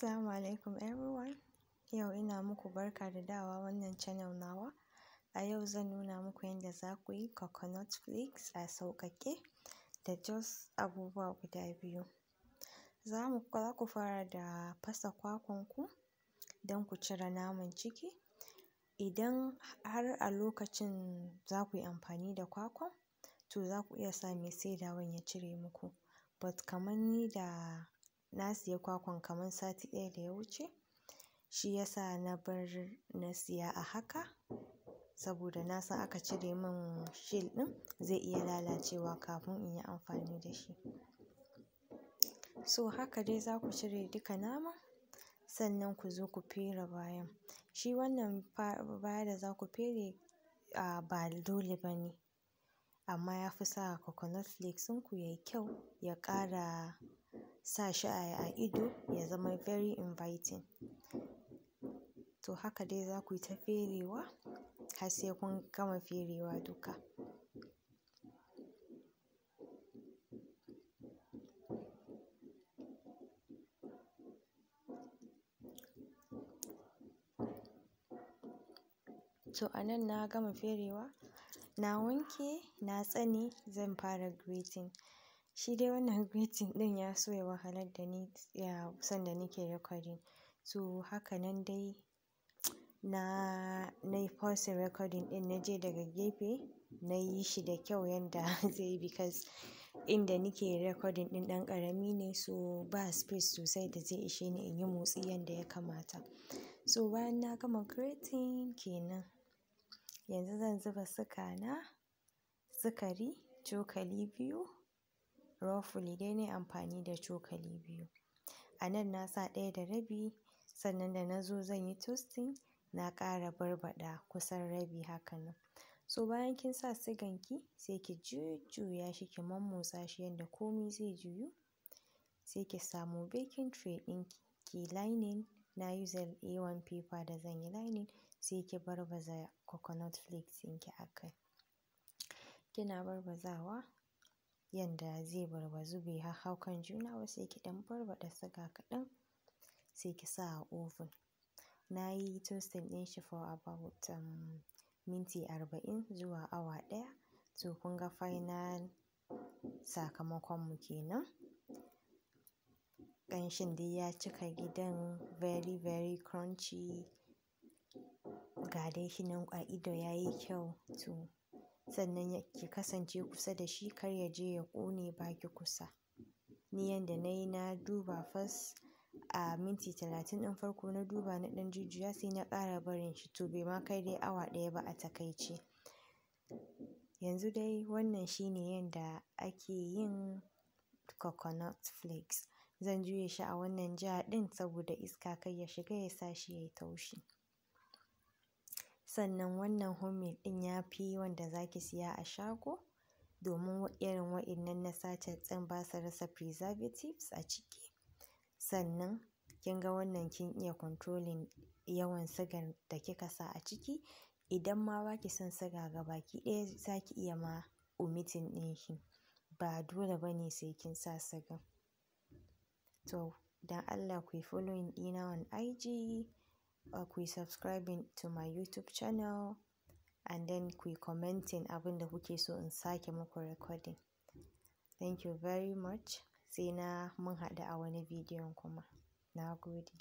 Assalamu alaikum everyone. Yau ina muku barka da dawa wannan channel nawa. A yau zan nuna muku yadda za ku yi coconut flakes a sauƙaƙe da just abubuwa guda biyu. Za mu za ku fara da fasa kwakwanku don ku cire naman ciki. Idan har a lokacin za ku yi amfani da kwakwan, to za ku iya sa mai saidawan ya cire muku. But kamar ni da na siya kwakwan kamar sati ɗaya da ya wuce shi yasa na bar na siya a haka saboda na san aka cire min shil ɗin zai iya lalacewa kafin in yi amfani da shi. So haka dai za ku cire duka nama? sannan ku zo ku fere bayan. Shi wannan baya da za ku fere a ba dole ba ne amma ya fi sa coconut flakes ɗinku yayi kyau ya ƙara sa shi a ido ya zama very inviting. To haka dai za ku yi ta ferewa har sai kun gama ferewa duka. To a nan na gama ferewa, na wanke, na tsani zan fara greeting shi dai wannan greeting din ya so ya wahalar da ni ya sanda nake recording so haka nan dai na na yi pause recording ɗin na je daga gefe na yi shi da kyau yadda zai because inda nike recording din dan karami ne so ba space sosai da zai ishe ni in yi motsi yadda ya kamata so bayan na gama grating kenan yanzu zan zuba suka na sukari cokali biyu roughly dai nayi amfani da cokali biyu. A nan na sa ɗaya da rabi sannan da na zo zan yi toasting na ƙara barbaɗa kusan rabi haka nan. So bayan kin sa sigan ki sai ki jujjuya shi ki mammotsa shi yadda komai zai juyu. Sai ki samu baking tray ɗin ki yi lining na A1 paper da zan yi lining sai ki barbaza coconut flakes ɗinki a kai. Kina barbazawa yanda zai barbazu bai hau kan juna ba sai ki ɗan barbaɗa siga kaɗan sai ki sa a oven. Na yi toasting ɗin shi for about um, minti arba'in zuwa awa ɗaya. To kun ga final sakamakon mu kenan. Ƙanshin dai ya cika gidan very very crunchy. Ga dai shi nan a ido ya yi kyau to sannan ki kasance kusa da shi kar ya je ya ƙone baki kusa. Ni yanda na yi na duba fas a minti talatin ɗin farko na duba na ɗan jujjuya sai na ƙara barin shi to bai ma kai dai awa ɗaya ba a takaice. Yanzu dai wannan shine yanda ake yin coconut flakes. Zan juye shi a wannan jar ɗin saboda iska kar ya shiga ya sa shi yayi taushi. sannan wannan homemade ɗin ya fi wanda za ki siya a shago domin irin wa'innan na sachet ba su rasa preservatives a ciki sannan kin ga wannan kin iya controlling yawan sugar da kika sa a ciki idan ma ba ki son ga baki ɗaya za ki iya ma omitting ɗin shi ba dole ba ne sai kin sa sigan to don Allah ku yi following ɗina on IG uh, ku subscribing to my youtube channel and then ku yi commenting abin da kuke so in sake muku recording thank you very much sai na mun haɗu a wani bidiyon kuma na gode